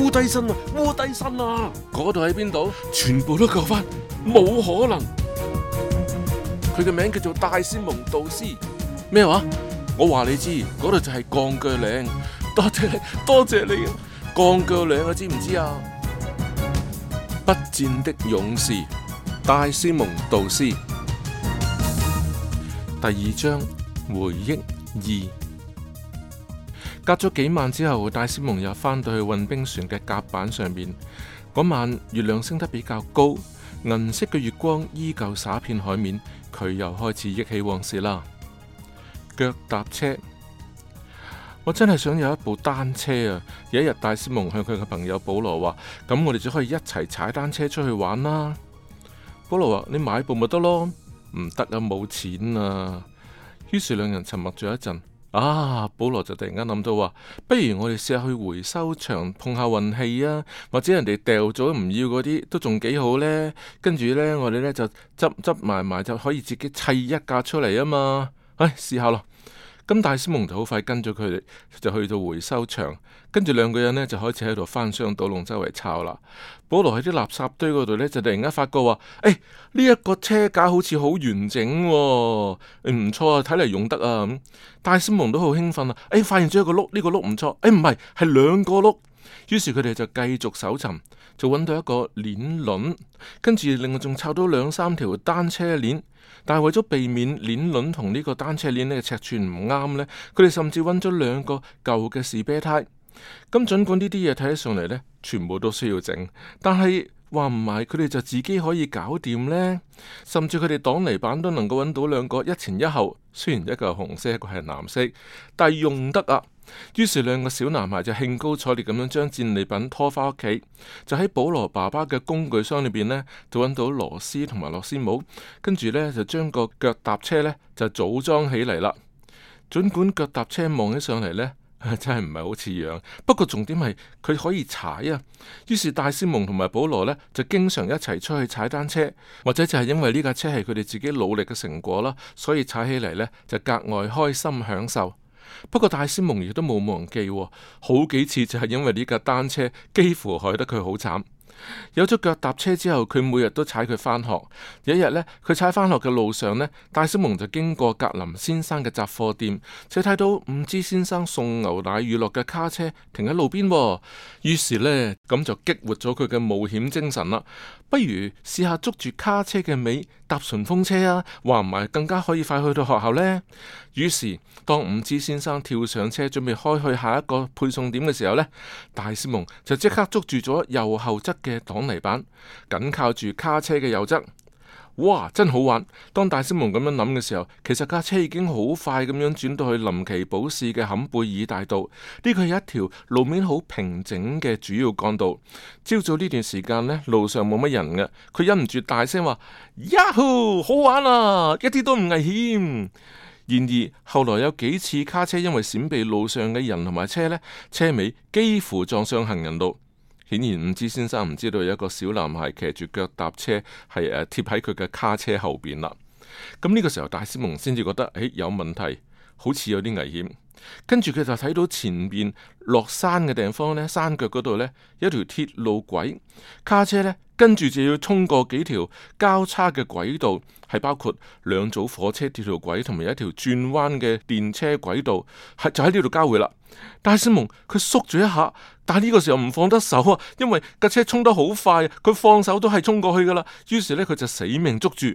烏低身啊，烏低身啊！嗰度喺邊度？全部都救翻，冇可能。佢嘅名叫做戴斯蒙杜斯，咩話？我話你知，嗰度就係鋼鋸嶺。多謝你，多謝你。鋼鋸嶺啊，知唔知啊？不戰的勇士，戴斯蒙杜斯。第二章回憶二。隔咗幾晚之後，戴斯蒙又翻到去運兵船嘅甲板上面。嗰晚月亮升得比較高，銀色嘅月光依舊灑遍海面。佢又開始憶起往事啦。腳踏車，我真係想有一部單車啊！有一日，戴斯蒙向佢嘅朋友保羅話：咁我哋就可以一齊踩單車出去玩啦。保羅話：你買部咪得咯？唔得啊，冇錢啊。於是兩人沉默咗一陣。啊！保羅就突然間諗到話，不如我哋試下去回收場碰下運氣啊，或者人哋掉咗唔要嗰啲都仲幾好咧。跟住咧，我哋咧就執執埋埋就可以自己砌一架出嚟啊嘛。唉、哎，試下咯。咁戴斯蒙就好快跟咗佢哋，就去到回收場，跟住兩個人呢，就開始喺度翻箱倒籠周圍抄啦。保羅喺啲垃圾堆嗰度呢，就突然間發覺話，誒、欸，呢、這、一個車架好似好完整，哦，唔、欸、錯啊，睇嚟用得啊。咁戴斯蒙都好興奮啊！誒、欸，發現咗一個轆，呢、這個轆唔錯，誒、欸，唔係，係兩個轆。於是佢哋就繼續搜尋，就揾到一個鏈輪，跟住另外仲湊到兩三條單車鏈，但係為咗避免鏈輪同呢個單車鏈咧尺寸唔啱呢，佢哋甚至揾咗兩個舊嘅士啤胎。咁儘管呢啲嘢睇起上嚟呢，全部都需要整，但係。話唔埋，佢哋就自己可以搞掂呢？甚至佢哋擋泥板都能夠揾到兩個，一前一後，雖然一個係紅色，一個係藍色，但係用得啊。於是兩個小男孩就興高采烈咁樣將戰利品拖返屋企，就喺保羅爸爸嘅工具箱裏邊呢，就揾到螺絲同埋螺絲帽。跟住呢，就將個腳踏車呢，就組裝起嚟啦。盡管腳踏車望起上嚟呢。 真係唔係好似樣，不過重點係佢可以踩啊。於是戴斯蒙同埋保羅呢，就經常一齊出去踩單車，或者就係因為呢架車係佢哋自己努力嘅成果啦，所以踩起嚟呢，就格外開心享受。不過戴斯蒙亦都冇忘記、哦，好幾次就係因為呢架單車幾乎害得佢好慘。有咗腳踏車之後，佢每日都踩佢返學。有一日呢，佢踩返學嘅路上呢，戴斯蒙就經過格林先生嘅雜貨店，且睇到伍茲先生送牛奶乳酪嘅卡車停喺路邊，哦。於是呢，咁就激活咗佢嘅冒險精神啦。不如試下捉住卡車嘅尾搭順風車啊，話唔埋更加可以快去到學校呢？於是當伍茲先生跳上車準備開去下一個配送點嘅時候呢，戴斯蒙就即刻捉住咗右後側嘅。嘅擋泥板緊靠住卡車嘅右側，哇，真好玩！當戴斯蒙咁樣諗嘅時候，其實卡車已經好快咁樣轉到去林奇堡市嘅坎貝爾大道。呢個係一條路面好平整嘅主要幹道。朝早呢段時間咧，路上冇乜人嘅，佢忍唔住大聲話：，Yahoo，好玩啊，一啲都唔危險。然而後來有幾次卡車因為閃避路上嘅人同埋車呢車尾幾乎撞上行人道。顯然伍茲先生唔知道有一個小男孩騎住腳踏車，係誒、啊、貼喺佢嘅卡車後邊啦。咁呢個時候，戴斯蒙先至覺得誒、哎、有問題，好似有啲危險。跟住佢就睇到前面落山嘅地方呢，山腳嗰度呢，有一條鐵路軌，卡車呢，跟住就要衝過幾條交叉嘅軌道，係包括兩組火車鐵路軌，同埋有一條轉彎嘅電車軌道，係就喺呢度交匯啦。戴斯蒙佢縮住一下，但係呢個時候唔放得手啊，因為架車衝得好快，佢放手都係衝過去噶啦。於是呢，佢就死命捉住。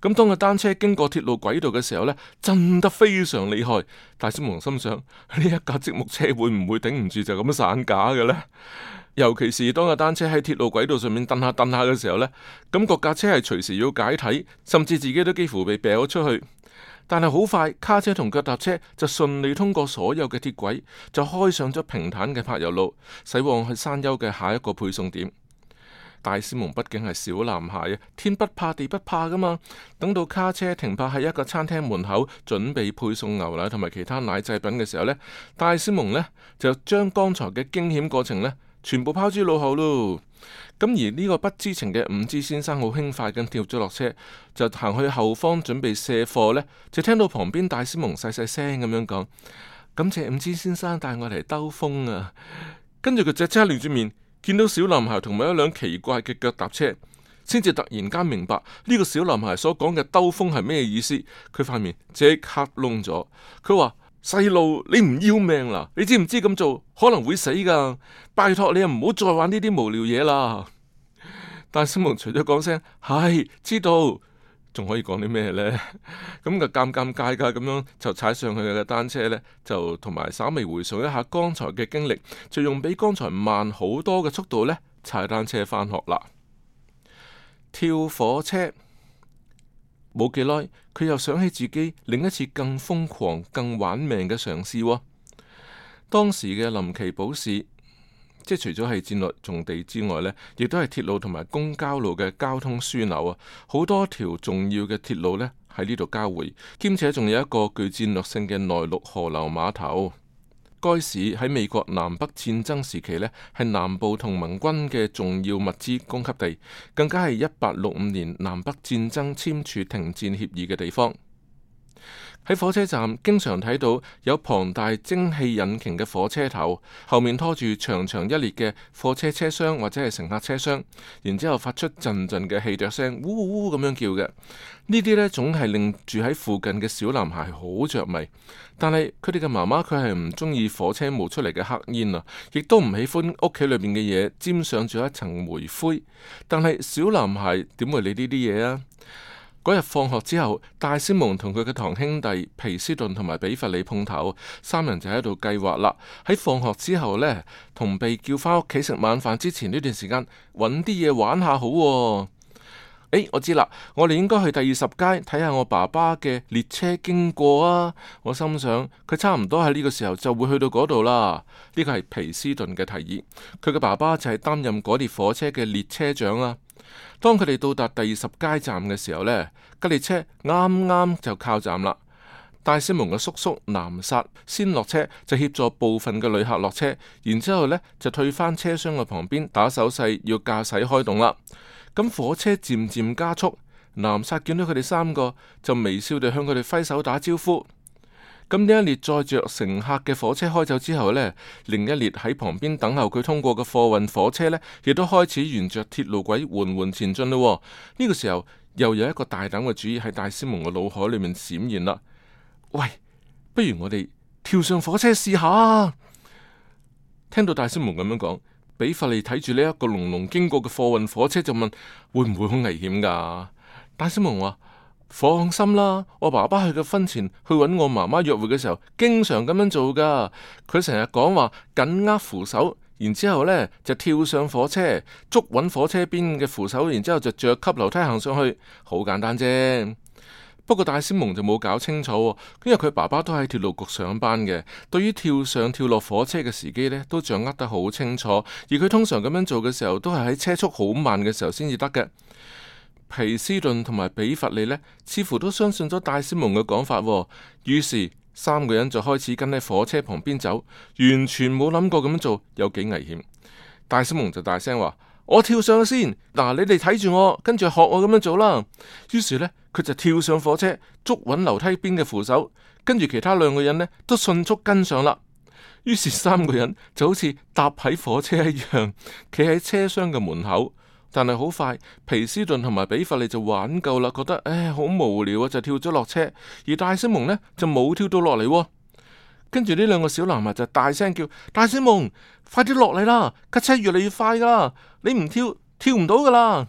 咁當個單車經過鐵路軌道嘅時候呢，震得非常厲害。戴斯蒙心想：呢一架積木車會唔會頂唔住就咁散架嘅呢？尤其是當個單車喺鐵路軌道上面蹬下蹬下嘅時候呢，咁個架車係隨時要解體，甚至自己都幾乎被掟咗出去。但係好快，卡車同腳踏車就順利通過所有嘅鐵軌，就開上咗平坦嘅柏油路，駛往去山丘嘅下一個配送點。戴斯蒙畢竟係小男孩啊，天不怕地不怕噶嘛。等到卡車停泊喺一個餐廳門口，準備配送牛奶同埋其他奶製品嘅時候呢，戴斯蒙呢就將剛才嘅驚險過程呢全部拋諸腦後咯。咁而呢個不知情嘅五之先生好輕快咁跳咗落車，就行去後方準備卸貨呢，就聽到旁邊戴斯蒙細細聲咁樣講：「感謝五之先生帶我嚟兜風啊！」跟住佢只車裂住面。見到小男孩同埋一輛奇怪嘅腳踏車，先至突然間明白呢個小男孩所講嘅兜風係咩意思。佢塊面即刻窿咗。佢話：細路，你唔要命啦！你知唔知咁做可能會死噶？拜託你唔好再玩呢啲無聊嘢啦！但戴斯蒙除咗講聲係，知道。仲可以講啲咩呢？咁 就尷尷尬尬咁樣，就踩上去嘅單車呢，就同埋稍微回溯一下剛才嘅經歷，就用比剛才慢好多嘅速度呢，踩單車返學啦。跳火車冇幾耐，佢又想起自己另一次更瘋狂、更玩命嘅嘗試喎。當時嘅林奇堡市。即除咗係戰略重地之外呢，亦都係鐵路同埋公交路嘅交通樞紐啊！好多條重要嘅鐵路呢，喺呢度交匯，兼且仲有一個具戰略性嘅內陸河流碼頭。該市喺美國南北戰爭時期呢，係南部同盟軍嘅重要物資供給地，更加係一八六五年南北戰爭簽署停戰協議嘅地方。喺火車站經常睇到有龐大蒸汽引擎嘅火車頭，後面拖住長長一列嘅貨車車廂或者係乘客車廂，然之後發出陣陣嘅汽笛聲，嗚嗚咁樣叫嘅。呢啲呢總係令住喺附近嘅小男孩好着迷，但係佢哋嘅媽媽佢係唔中意火車冒出嚟嘅黑煙啊，亦都唔喜歡屋企裏面嘅嘢沾上住一層煤灰。但係小男孩點會理呢啲嘢啊？嗰日放學之後，戴斯蒙同佢嘅堂兄弟皮斯頓同埋比弗利碰頭，三人就喺度計劃啦。喺放學之後呢，同被叫翻屋企食晚飯之前呢段時間，揾啲嘢玩下好？哦。誒、欸，我知啦，我哋應該去第二十街睇下我爸爸嘅列車經過啊！我心想，佢差唔多喺呢個時候就會去到嗰度啦。呢個係皮斯頓嘅提議，佢嘅爸爸就係擔任嗰列火車嘅列車長啊。當佢哋到達第二十街站嘅時候呢，吉列車啱啱就靠站啦。戴斯蒙嘅叔叔南薩先落車，就協助部分嘅旅客落車，然之後咧，就退返車廂嘅旁邊打手勢，要駕駛開動啦。咁火車漸漸加速，南薩見到佢哋三個，就微笑地向佢哋揮手打招呼。咁呢一列載着乘客嘅火車開走之後呢，另一列喺旁邊等候佢通過嘅貨運火車呢，亦都開始沿着鐵路軌緩緩前進咯、哦。呢、這個時候又有一個大膽嘅主意喺戴斯蒙嘅腦海裏面閃現啦。喂，不如我哋跳上火車試下啊！聽到戴斯蒙咁樣講，比佛利睇住呢一個隆隆經過嘅貨運火車就問：會唔會好危險噶？戴斯蒙話。放心啦，我爸爸去嘅婚前去揾我媽媽約會嘅時候，經常咁樣做噶。佢成日講話緊握扶手，然之後呢就跳上火車，捉穩火車邊嘅扶手，然之後就着級樓梯行上去，好簡單啫。不過戴斯蒙就冇搞清楚，因為佢爸爸都喺鐵路局上班嘅，對於跳上跳落火車嘅時機呢都掌握得好清楚。而佢通常咁樣做嘅時候，都係喺車速好慢嘅時候先至得嘅。奇斯頓同埋比弗利呢，似乎都相信咗戴斯蒙嘅講法、哦，於是三個人就開始跟喺火車旁邊走，完全冇諗過咁樣做有幾危險。戴斯蒙就大聲話：我跳上去先，嗱、啊，你哋睇住我，跟住學我咁樣做啦。於是呢，佢就跳上火車，捉穩樓梯邊嘅扶手，跟住其他兩個人呢，都迅速跟上啦。於是三個人就好似搭喺火車一樣，企喺車廂嘅門口。但係好快，皮斯頓同埋比弗利就玩夠啦，覺得唉好無聊啊，就跳咗落車。而戴斯蒙呢就冇跳到落嚟，跟住呢兩個小男孩就大聲叫：戴斯蒙，快啲落嚟啦！架車越嚟越快啦，你唔跳跳唔到噶啦！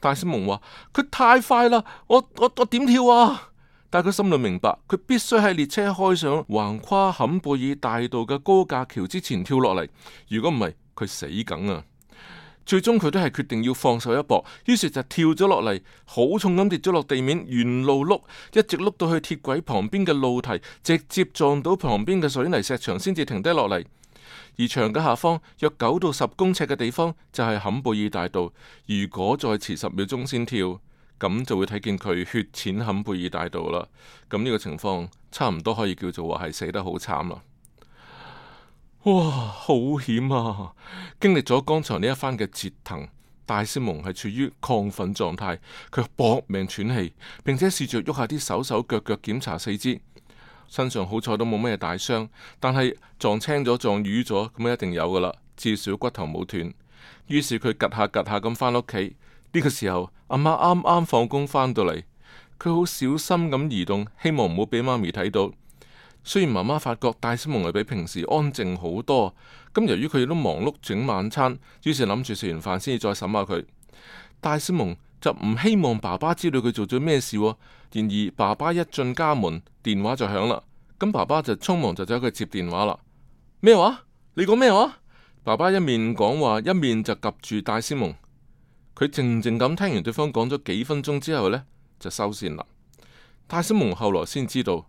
戴斯蒙話：佢太快啦，我我我點跳啊？但係佢心裏明白，佢必須喺列車開上橫跨坎貝爾大道嘅高架橋之前跳落嚟。如果唔係，佢死梗啊！最終佢都係決定要放手一搏，於是就跳咗落嚟，好重咁跌咗落地面，沿路碌，一直碌到去鐵軌旁邊嘅路堤，直接撞到旁邊嘅水泥石牆，先至停低落嚟。而牆嘅下方約九到十公尺嘅地方就係坎貝爾大道。如果再遲十秒鐘先跳，咁就會睇見佢血濺坎貝爾大道啦。咁呢個情況差唔多可以叫做話係死得好慘啦。哇，好險啊！經歷咗剛才呢一番嘅折騰，戴斯蒙係處於亢奮狀態，佢搏命喘氣，並且試着喐下啲手手腳腳檢查四肢，身上好彩都冇咩大傷，但係撞青咗撞瘀咗咁，一定有噶啦，至少骨頭冇斷。於是佢夾下夾下咁返屋企，呢、呢個時候阿媽啱啱放工返到嚟，佢好小心咁移動，希望唔好俾媽咪睇到。雖然媽媽發覺戴斯蒙係比平時安靜好多，咁由於佢都忙碌整晚餐，於是諗住食完飯先至再審下佢。戴斯蒙就唔希望爸爸知道佢做咗咩事。然而爸爸一進家門，電話就響啦，咁爸爸就匆忙就走佢接電話啦。咩話？你講咩話？爸爸一面講話，一面就及住戴斯蒙。佢靜靜咁聽完對方講咗幾分鐘之後呢，就收線啦。戴斯蒙後來先知道。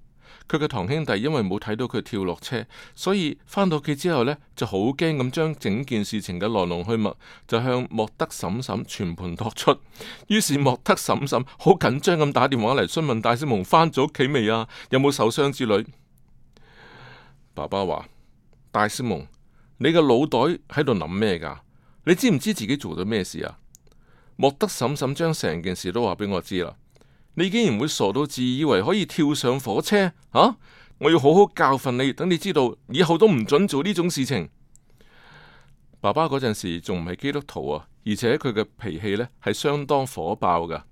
佢嘅堂兄弟因為冇睇到佢跳落車，所以返到屋企之後呢，就好驚咁將整件事情嘅來龍去脈就向莫德嬸嬸全盤托出。於是莫德嬸嬸好緊張咁打電話嚟詢問戴斯蒙返咗屋企未啊，有冇受傷之類。爸爸話：戴斯蒙，你嘅腦袋喺度諗咩㗎？你知唔知自己做咗咩事啊？莫德嬸嬸將成件事都話俾我知啦。你竟然會傻到自以為可以跳上火車啊！我要好好教訓你，等你知道以後都唔准做呢種事情。爸爸嗰陣時仲唔係基督徒啊，而且佢嘅脾氣呢係相當火爆噶。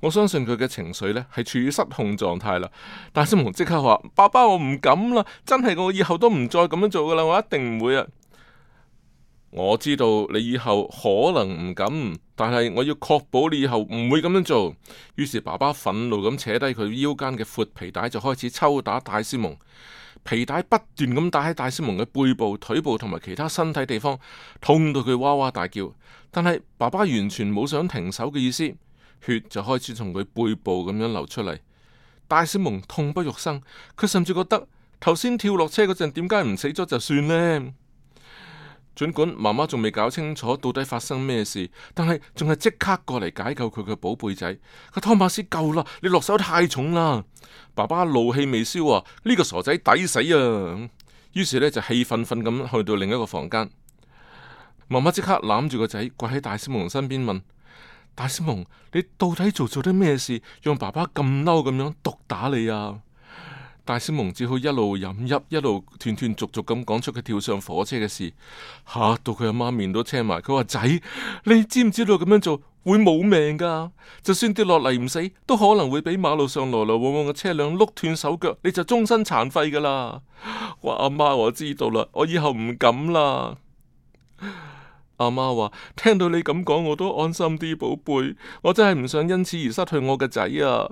我相信佢嘅情緒呢係處於失控狀態啦。但小紅即刻話：爸爸，我唔敢啦，真係我以後都唔再咁樣做噶啦，我一定唔會啊！我知道你以後可能唔敢，但係我要確保你以後唔會咁樣做。於是爸爸憤怒咁扯低佢腰間嘅闊皮帶，就開始抽打戴斯蒙。皮帶不斷咁打喺戴斯蒙嘅背部、腿部同埋其他身體地方，痛到佢哇哇大叫。但係爸爸完全冇想停手嘅意思，血就開始從佢背部咁樣流出嚟。戴斯蒙痛不欲生，佢甚至覺得頭先跳落車嗰陣點解唔死咗就算呢？儘管媽媽仲未搞清楚到底發生咩事，但係仲係即刻過嚟解救佢嘅寶貝仔。個湯馬斯夠啦，你落手太重啦！爸爸怒氣未消啊，呢、這個傻仔抵死啊！於是咧就氣憤憤咁去到另一個房間。媽媽即刻攬住個仔，跪喺戴斯蒙身邊問：戴斯蒙，你到底做咗啲咩事，讓爸爸咁嬲咁樣毒打你啊？戴斯蒙只好一路飲泣，一路斷斷續續咁講出佢跳上火車嘅事，嚇到佢阿媽面都青埋。佢話，仔，你知唔知道咁樣做會冇命噶？就算跌落嚟唔死，都可能會俾馬路上來來往往嘅車輛碌斷手腳，你就終身殘廢噶啦。話，阿媽，媽我知道啦，我以後唔敢啦。阿媽話，聽到你咁講，我都安心啲，寶貝，我真係唔想因此而失去我嘅仔啊。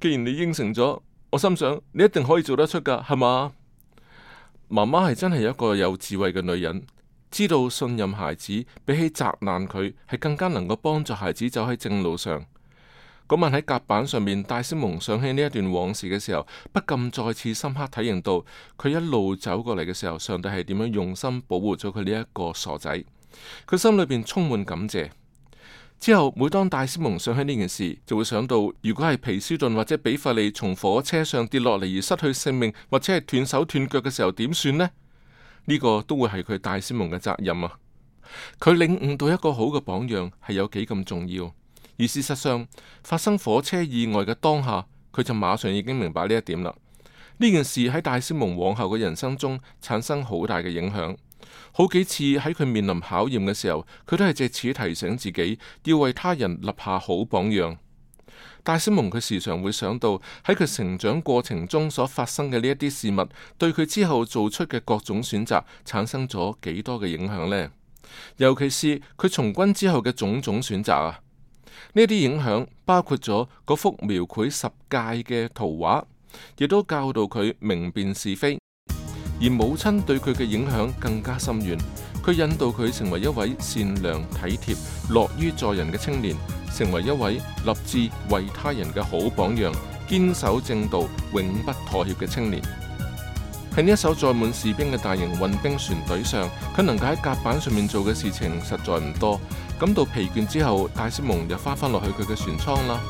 既然你應承咗。我心想，你一定可以做得出噶，係嘛？媽媽係真係一個有智慧嘅女人，知道信任孩子比起責難佢，係更加能夠幫助孩子走喺正路上。嗰晚喺甲板上面，戴斯蒙想起呢一段往事嘅時候，不禁再次深刻體認到佢一路走過嚟嘅時候，上帝係點樣用心保護咗佢呢一個傻仔。佢心裏面充滿感謝。之後，每當戴斯蒙想起呢件事，就會想到如果係皮斯頓或者比費利從火車上跌落嚟，而失去性命，或者係斷手斷腳嘅時候，點算呢？呢個都會係佢戴斯蒙嘅責任啊！佢領悟到一個好嘅榜樣係有幾咁重要，而事實上發生火車意外嘅當下，佢就馬上已經明白呢一點啦。呢件事喺戴斯蒙往後嘅人生中產生好大嘅影響。好幾次喺佢面臨考驗嘅時候，佢都係借此提醒自己要為他人立下好榜樣。戴斯蒙佢時常會想到喺佢成長過程中所發生嘅呢一啲事物，對佢之後做出嘅各種選擇產生咗幾多嘅影響呢？尤其是佢從軍之後嘅種種選擇啊，呢啲影響包括咗嗰幅描繪十誡嘅圖畫，亦都教導佢明辨是非。而母親對佢嘅影響更加深遠，佢引導佢成為一位善良體貼、樂於助人嘅青年，成為一位立志為他人嘅好榜樣，堅守正道、永不妥協嘅青年。喺呢一艘載滿士兵嘅大型運兵船隊上，佢能夠喺甲板上面做嘅事情實在唔多。感到疲倦之後，戴斯蒙又翻返落去佢嘅船艙啦。